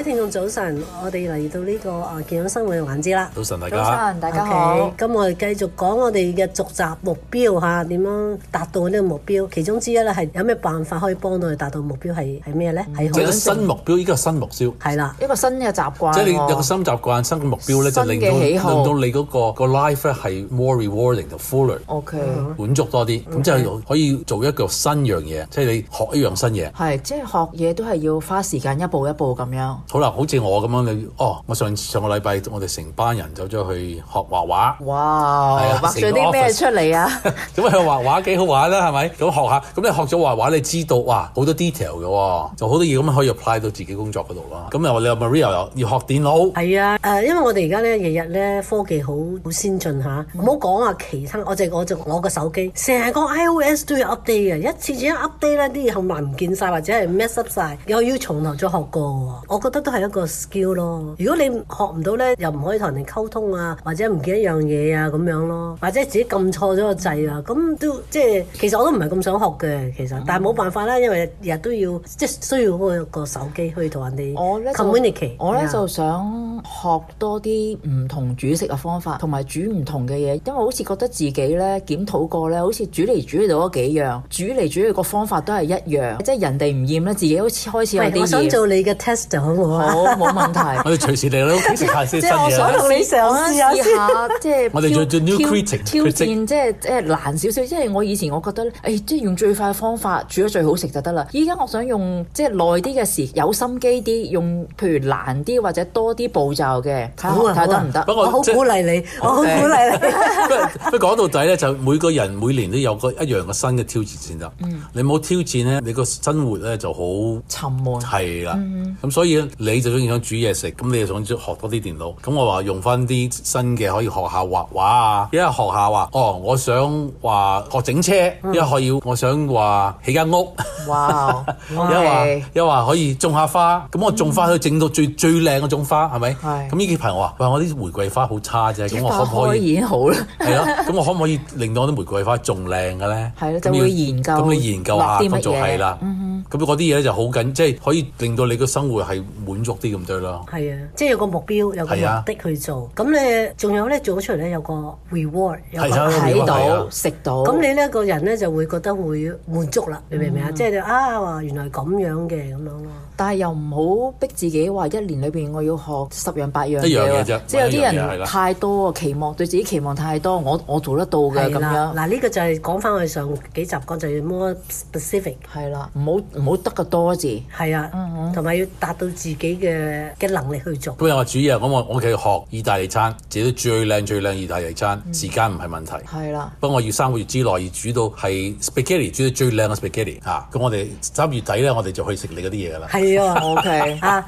各位聽眾早晨，我哋嚟到，呢個啊健康生活嘅環節啦。早晨大家，早晨大家好。咁、okay, 我哋繼續講我哋嘅續集目標吓，點樣達到呢個目標？其中之一咧係有咩辦法可以幫到你達到目標？係係咩咧？係一個新目標，依家新目標係啦，一個新嘅習慣。即係你有個新習慣，新嘅目標咧就令到令到你嗰、那個、那個 life 咧係 more rewarding 同 fuller OK，滿足、嗯、多啲，咁即係可以做一個新樣嘢，嗯、即係你學一樣新嘢。係、嗯，即係學嘢都係要花時間，一步一步咁樣。好啦，好似我咁樣你哦，我上上個禮拜我哋成班人走咗去學畫畫。哇，畫咗啲咩出嚟啊？咁去畫，啊、 畫畫幾 好玩啦、啊，係咪？咁學下，咁你學咗畫畫，你知道哇，好多 detail 嘅、哦，就好多嘢咁可以 apply 到自己工作嗰度咯。咁又話你阿 Maria 又要學電腦。係啊，誒、呃，因為我哋而家咧日日咧科技好好先進嚇，唔好講啊，講下其他我就我就攞個手機，成個 iOS 都要 update 啊。一次一次 update 咧啲嘢後咪唔見晒，或者係 mess up 晒。又要從頭再學過。我覺得。都係一個 skill 咯。如果你學唔到咧，又唔可以同人哋溝通啊，或者唔見一樣嘢啊咁樣咯，或者自己撳錯咗個掣啊，咁都即係其實我都唔係咁想學嘅，其實，但係冇辦法啦，因為日日都要即係需要嗰個手機去同人哋 communicate 我咧。啊、我咧就想學多啲唔同煮食嘅方法，同埋煮唔同嘅嘢，因為好似覺得自己咧檢討過咧，好似煮嚟煮去就嗰幾樣，煮嚟煮去個方法都係一樣，即係人哋唔厭咧，自己好似開始有啲。我想做你嘅 test 就好好，冇問題，我哋隨時嚟咯，試下先新嘅嘢。我想同你嘗試一下，即係我哋做做 new cooking，挑戰即係即係難少少。即係我以前我覺得咧，誒即係用最快嘅方法煮得最好食就得啦。依家我想用即係耐啲嘅時，有心機啲，用譬如難啲或者多啲步驟嘅，好啊，睇得唔得？不過好鼓勵你，我好鼓勵你。不過講到底咧，就每個人每年都有個一樣嘅新嘅挑戰先得。嗯，你冇挑戰咧，你個生活咧就好沉悶。係啦，咁所以。你就中意想煮嘢食，咁你就想學多啲電腦。咁我話用翻啲新嘅，可以學下畫畫啊。因為學一學校話，哦，我想話學整車，因為、嗯、可以我想話起間屋。哇！又話又話可以種下花，咁我種花要整到最、嗯、最靚嗰種花，係咪？係是。咁呢幾朋友話：喂，我啲玫瑰花，差花好差啫，咁我可唔可以演好咧？係咯， 咁我可唔可以令到我啲玫瑰花仲靚嘅咧？係咯，就要研究要。咁你研究下啲乜係啦。嗯咁嗰啲嘢咧就好緊，即係可以令到你個生活係滿足啲咁多啦。係啊，即、就、係、係、有個目標，有個目的去做。咁、啊、你仲有咧做咗出嚟咧有個 reward，有睇到、啊、食到。咁、啊、你咧個人咧就會覺得會滿足啦。啊、你明唔明啊？嗯、即係啊，原來咁樣嘅咁咯。但係又唔好逼自己話一年裏邊我要學十樣八樣嘢喎，即係有啲人太多期望，對自己期望太多，我我做得到嘅。咁樣。嗱呢個就係講翻我上幾集講就要 more specific，係啦，唔好唔好得個多字。係啊，同埋要達到自己嘅嘅能力去做。咁有我主意啊，我我我屋企學意大利餐，自己都最靚最靚意大利餐，時間唔係問題。係啦，不過要三個月之內要煮到係 spaghetti 煮到最靚嘅 spaghetti 嚇。咁我哋三月底咧，我哋就可以食你嗰啲嘢㗎啦。O K 啊，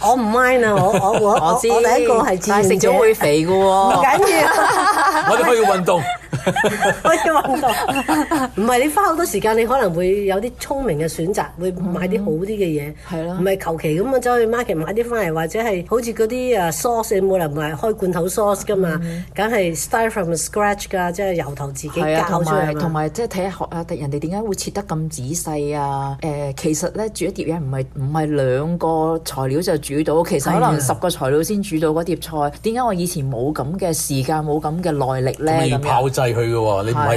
我唔 mind 啊，我我我我知第一個係自己，食咗會肥噶喎，唔緊要，我哋可以運動。唔係 你花好多時間，你可能會有啲聰明嘅選擇，會買啲好啲嘅嘢。係咯、嗯，唔係求其咁啊走去 market 買啲翻嚟，或者係好似嗰啲誒 sauce，冇可能唔係開罐頭 sauce 㗎嘛，梗係 start from scratch 㗎，即係由頭自己搞出嚟。同埋同埋即係睇下學人哋點解會切得咁仔細啊？誒、呃，其實咧煮一碟嘢唔係唔係兩個材料就煮到，其實可能十個材料先煮到嗰碟菜。點解的我以前冇咁嘅時間，冇咁嘅耐力咧？ 你，你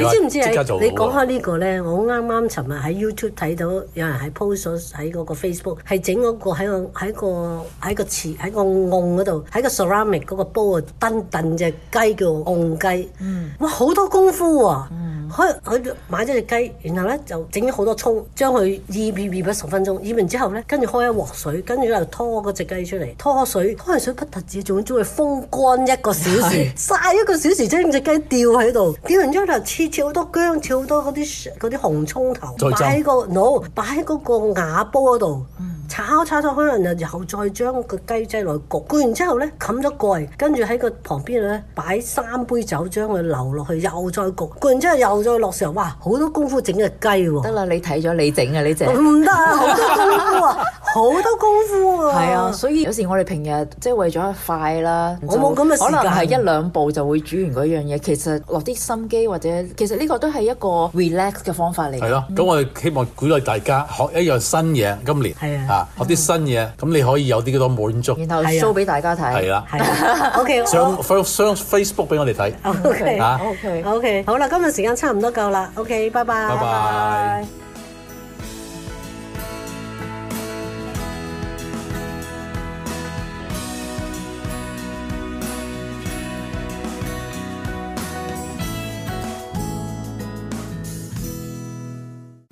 知唔知？即你講開呢個咧，我啱啱尋日喺 YouTube 睇到有人喺 post 咗喺嗰個 Facebook，係整嗰個喺個喺個喺個瓷喺個甕嗰度，喺個 ceramic 嗰個煲啊登燉隻雞叫甕雞。嗯，哇，好多功夫喎，啊！嗯佢佢買咗隻雞，然後咧就整咗好多葱，將佢醃醃醃咗十分鐘，醃完之後咧，跟住開一鑊水，跟住就拖嗰隻雞出嚟，拖水，拖完水不特止，仲要再風乾一個小時，晒的一個小時隻之後，隻雞吊喺度，吊完之後又切切好多薑，切好多嗰啲啲紅葱頭，擺喺粥個腦，擺喺嗰個瓦煲嗰度。嗯炒炒咗，可能又又再將個雞仔落去焗，焗完之後呢，冚咗蓋，跟住喺個旁邊呢，擺三杯酒，將佢流落去，又再焗，焗完之後又再落豉油，哇！好多功夫整隻雞喎。得啦，你睇咗你整嘅呢隻。唔得，好 多功夫啊！ 好多功夫啊！係啊，所以有時我哋平日即係為咗快啦，我冇咁嘅時間，可能係一兩步就會煮完嗰樣嘢。其實落啲心機或者，其實呢個都係一個 relax 嘅方法嚟。係咯，咁我哋希望鼓勵大家學一樣新嘢，今年係啊，學啲新嘢，咁你可以有啲幾多滿足，然後 show 俾大家睇。係啦，OK，上 face 上 Facebook 俾我哋睇。OK，啊，OK，OK，好啦，今日時間差唔多夠啦。OK，拜拜，拜拜。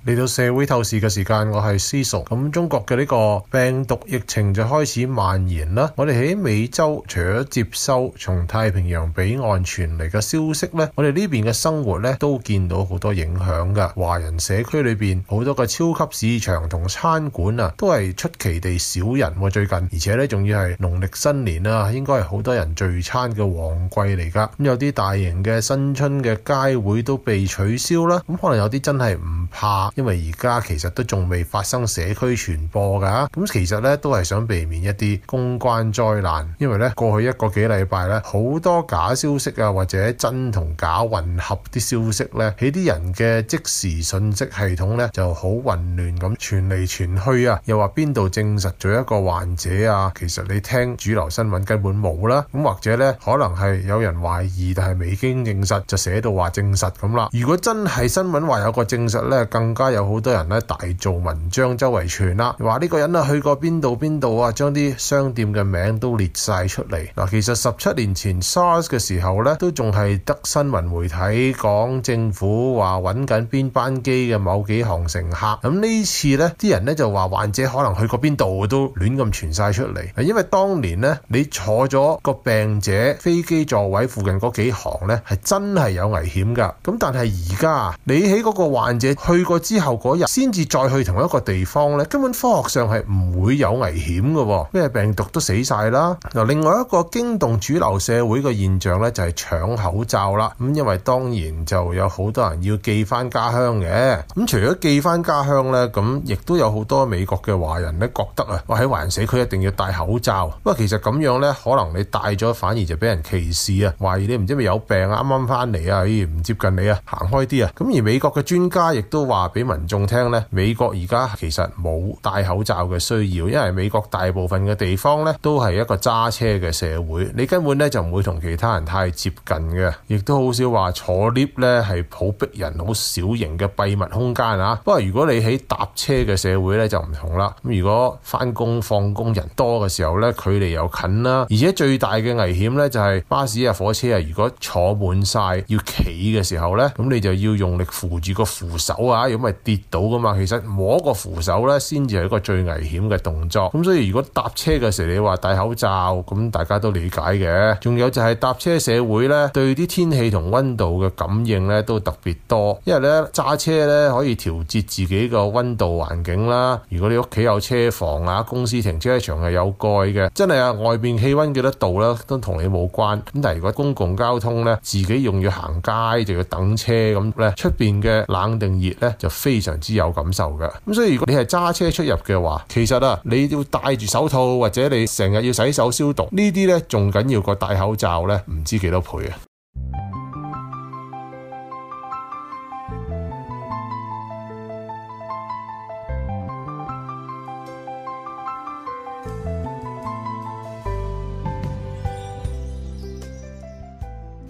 嚟到社會透視嘅時間，我係私熟。咁中國嘅呢個病毒疫情就開始蔓延啦。我哋喺美洲，除咗接收從太平洋彼岸傳嚟嘅消息呢，我哋呢邊嘅生活呢都見到好多影響噶。華人社區裏邊好多嘅超級市場同餐館啊，都係出奇地少人啊。最近，而且呢，仲要係農曆新年啦啊，應該係好多人聚餐嘅旺季嚟噶。咁有啲大型嘅新春嘅街會都被取消啦。咁可能有啲真係唔怕。因為而家其實都仲未發生社區傳播噶，咁其實咧都係想避免一啲公關災難。因為咧過去一個幾禮拜咧，好多假消息啊，或者真同假混合啲消息咧，喺啲人嘅即時訊息系統咧就好混亂咁，傳嚟傳去啊，又話邊度證實咗一個患者啊，其實你聽主流新聞根本冇啦。咁或者咧可能係有人懷疑，但係未經證實就寫到話證實咁啦。如果真係新聞話有個證實咧，更而家有好多人咧，大做文章，周圍傳啦，話呢個人啊去過邊度邊度啊，將啲商店嘅名都列晒出嚟。嗱，其實十七年前 SARS 嘅時候咧，都仲係得新聞媒體講政府話揾緊邊班機嘅某幾行乘客。咁呢次咧，啲人咧就話患者可能去過邊度都亂咁傳晒出嚟。因為當年咧，你坐咗個病者飛機座位附近嗰幾行咧，係真係有危險噶，咁但係而家你喺嗰個患者去過。之後嗰日先至再去同一個地方咧，根本科學上係唔會有危險㗎喎，咩病毒都死晒啦。嗱，另外一個驚動主流社會嘅現象咧，就係搶口罩啦。咁因為當然就有好多人要寄翻家鄉嘅。咁除咗寄翻家鄉咧，咁亦都有好多美國嘅華人咧覺得啊，我喺環市區一定要戴口罩。不過其實咁樣咧，可能你戴咗反而就俾人歧視啊，懷疑你唔知咪有病啊，啱啱翻嚟啊，咦，唔接近你啊，行開啲啊。咁而美國嘅專家亦都話俾民眾聽咧，美國而家其實冇戴口罩嘅需要，因為美國大部分嘅地方咧都係一個揸車嘅社會，你根本咧就唔會同其他人太接近嘅，亦都好少話坐 lift 咧係好逼人、好小型嘅閉密空間啊。不過如果你喺搭車嘅社會咧就唔同啦。咁如果翻工放工人多嘅時候咧，距離又近啦，而且最大嘅危險咧就係巴士啊、火車啊，如果坐滿晒要企嘅時候咧，咁你就要用力扶住個扶手啊，跌到噶嘛，其實摸個扶手咧，先至係一個最危險嘅動作。咁所以如果搭車嘅時候，你話戴口罩，咁大家都理解嘅。仲有就係搭車社會咧，對啲天氣同溫度嘅感應咧，都特別多。因為咧揸車咧可以調節自己個溫度環境啦。如果你屋企有車房啊，公司停車場係有蓋嘅，真係啊外邊氣溫幾多度咧，都同你冇關。咁但係如果公共交通咧，自己又要行街，就要等車咁咧，出邊嘅冷定熱咧就。非常之有感受嘅，咁所以如果你係揸車出入嘅話，其實啊，你要戴住手套或者你成日要洗手消毒，呢啲呢，仲緊要過戴口罩呢，唔知幾多倍啊！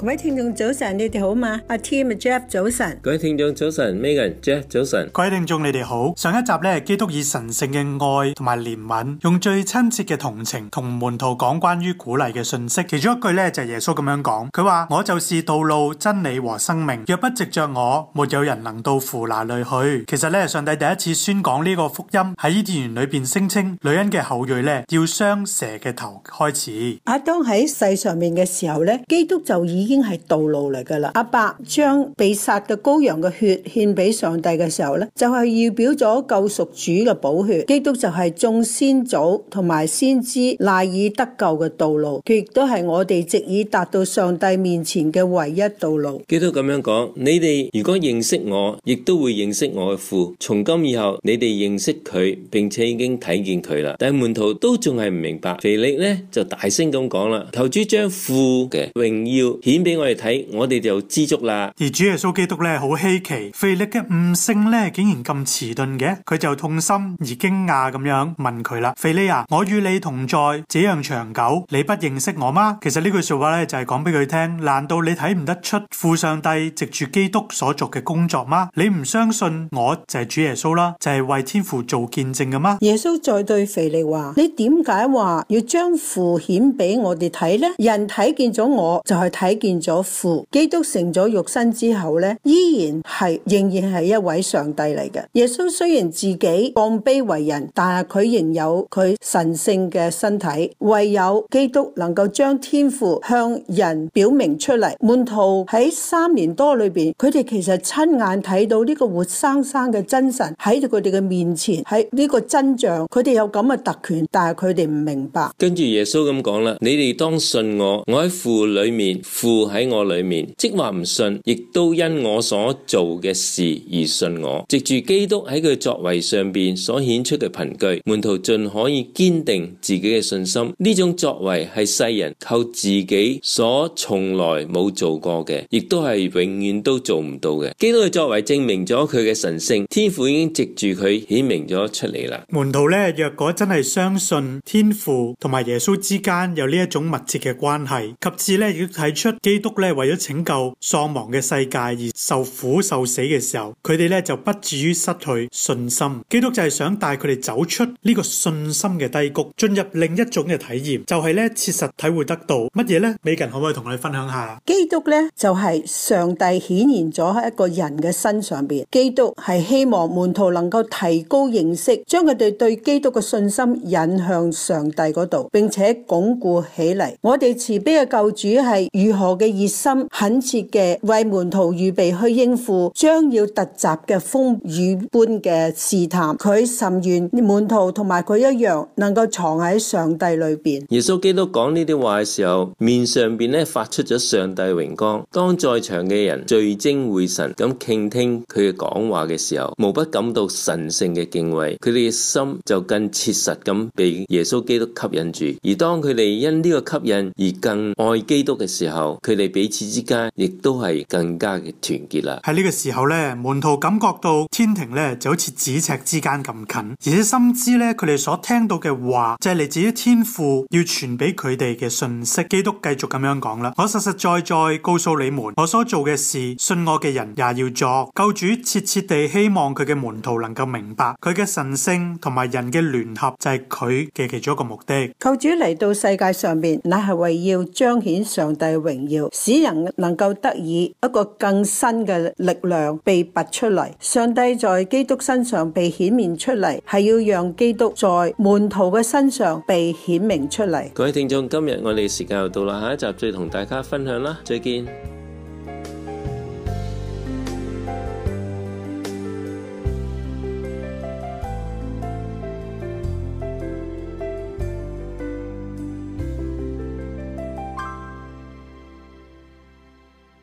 各位聽眾早晨，你哋好嗎？阿 Tim Jeff 早晨。各位聽眾早晨，Michael Jeff 早晨。各位聽眾你哋好。上一集咧，基督以神聖嘅愛同埋憐憫，用最親切嘅同情同門徒講關於鼓勵嘅信息。其中一句咧就係耶穌咁樣講，佢話：我就是道路、真理和生命，若不藉著我，沒有人能到父那裏去。其實咧，上帝第一次宣講呢個福音喺伊甸園裏邊，聲稱女人嘅後裔咧要傷蛇嘅頭開始。阿當喺世上面嘅時候咧，基督就以已經係道路嚟噶啦，阿伯將被殺嘅羔羊嘅血獻俾上帝嘅時候咧，就係預表咗救贖主嘅寶血。基督就係眾先祖同埋先知賴以得救嘅道路，佢亦都係我哋直以達到上帝面前嘅唯一道路。基督咁樣講：，你哋如果認識我，亦都會認識我嘅父。從今以後，你哋認識佢，並且已經睇見佢啦。但係門徒都仲係唔明白。腓力咧就大聲咁講啦：，求主將父嘅榮耀顯。俾我哋睇，我哋就知足啦。而主耶穌基督咧，好稀奇，腓力嘅悟性咧，竟然咁遲鈍嘅，佢就痛心而驚訝咁樣問佢啦：，腓力啊，我與你同在這樣長久，你不認識我嗎？其實呢句說話咧，就係講俾佢聽，難道你睇唔得出父上帝藉住基督所做嘅工作嗎？你唔相信我就係主耶穌啦，就係為天父做見證嘅嗎？耶穌再對腓力話：，你點解話要將父顯俾我哋睇咧？人睇見咗我，就係睇見。變咗父，基督成咗肉身之後咧，依然係仍然係一位上帝嚟嘅。耶穌雖然自己降卑為人，但係佢仍有佢神聖嘅身體。唯有基督能夠將天父向人表明出嚟。門徒喺三年多裏邊，佢哋其實親眼睇到呢個活生生嘅真神喺佢哋嘅面前，喺呢個真相，佢哋有咁嘅特權，但係佢哋唔明白。跟住耶穌咁講啦，你哋當信我，我喺父裏面父喺我裏面，即話唔信，亦都因我所做嘅事而信我。藉住基督喺佢作為上邊所顯出嘅憑據，門徒盡可以堅定自己嘅信心。呢種作為係世人靠自己所從來冇做過嘅，亦都係永遠都做唔到嘅。基督嘅作為證明咗佢嘅神聖，天父已經藉住佢顯明咗出嚟啦。門徒咧，若果真係相信天父同埋耶穌之間有呢一種密切嘅關係，及至咧亦都睇出。基督咧為咗拯救喪亡嘅世界而受苦受死嘅時候，佢哋咧就不至於失去信心。基督就係想帶佢哋走出呢個信心嘅低谷，進入另一種嘅體驗，就係咧切實體會得到乜嘢咧？美琴可唔可以同我哋分享下？基督咧就係上帝顯現咗喺一個人嘅身上面。基督係希望門徒能夠提高認識，將佢哋對基督嘅信心引向上帝嗰度，並且鞏固起嚟。我哋慈悲嘅救主係如何嘅熱心，懇切嘅為門徒預備去應付將要突襲嘅風雨般嘅試探，佢甚願門徒同埋佢一樣，能夠藏喺上帝裏邊。耶穌基督講呢啲話嘅時候，面上邊咧發出咗上帝榮光。當在場嘅人聚精會神咁傾聽佢嘅講話嘅時候，無不感到神聖嘅敬畏，佢哋嘅心就更切實咁被耶穌基督吸引住。而當佢哋因呢個吸引而更愛基督嘅時候，佢哋彼此之間亦都係更加嘅團結啦。喺呢個時候咧，門徒感覺到天庭咧就好似咫尺之間咁近，而且深知咧佢哋所聽到嘅話就係嚟自於天父要傳俾佢哋嘅訊息。基督繼續咁樣講啦，「我實實在在告訴你們，我所做嘅事，信我嘅人也要做。」救主切切地希望佢嘅門徒能夠明白佢嘅神聖同埋人嘅聯合就係佢嘅其中一個目的。救主嚟到世界上面，乃係為要彰顯上帝榮。使人能夠得以一個更新嘅力量被拔出嚟，上帝在基督身上被顯明出嚟，係要讓基督在門徒嘅身上被顯明出嚟。各位聽眾，今日我哋嘅時間又到啦，下一集再同大家分享啦，再見。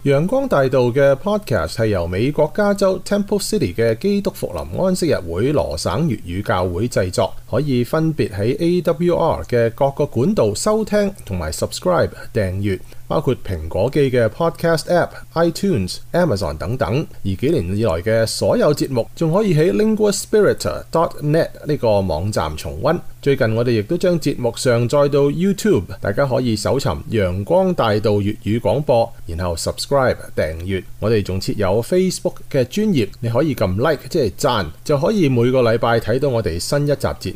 陽光大道嘅 podcast 係由美國加州 Temple City 嘅基督復臨安息日會羅省粵語教會製作。可以分別喺 AWR 嘅各個管道收聽同埋 subscribe 訂閱，包括蘋果機嘅 Podcast App、iTunes、Amazon 等等。而幾年以來嘅所有節目，仲可以喺 linguaspirit.net 呢個網站重温。最近我哋亦都將節目上載到 YouTube，大家可以搜尋陽光大道粵語廣播，然後 subscribe 訂閱。我哋仲設有 Facebook 嘅專頁，你可以撳 like 即係讚，就可以每個禮拜睇到我哋新一集節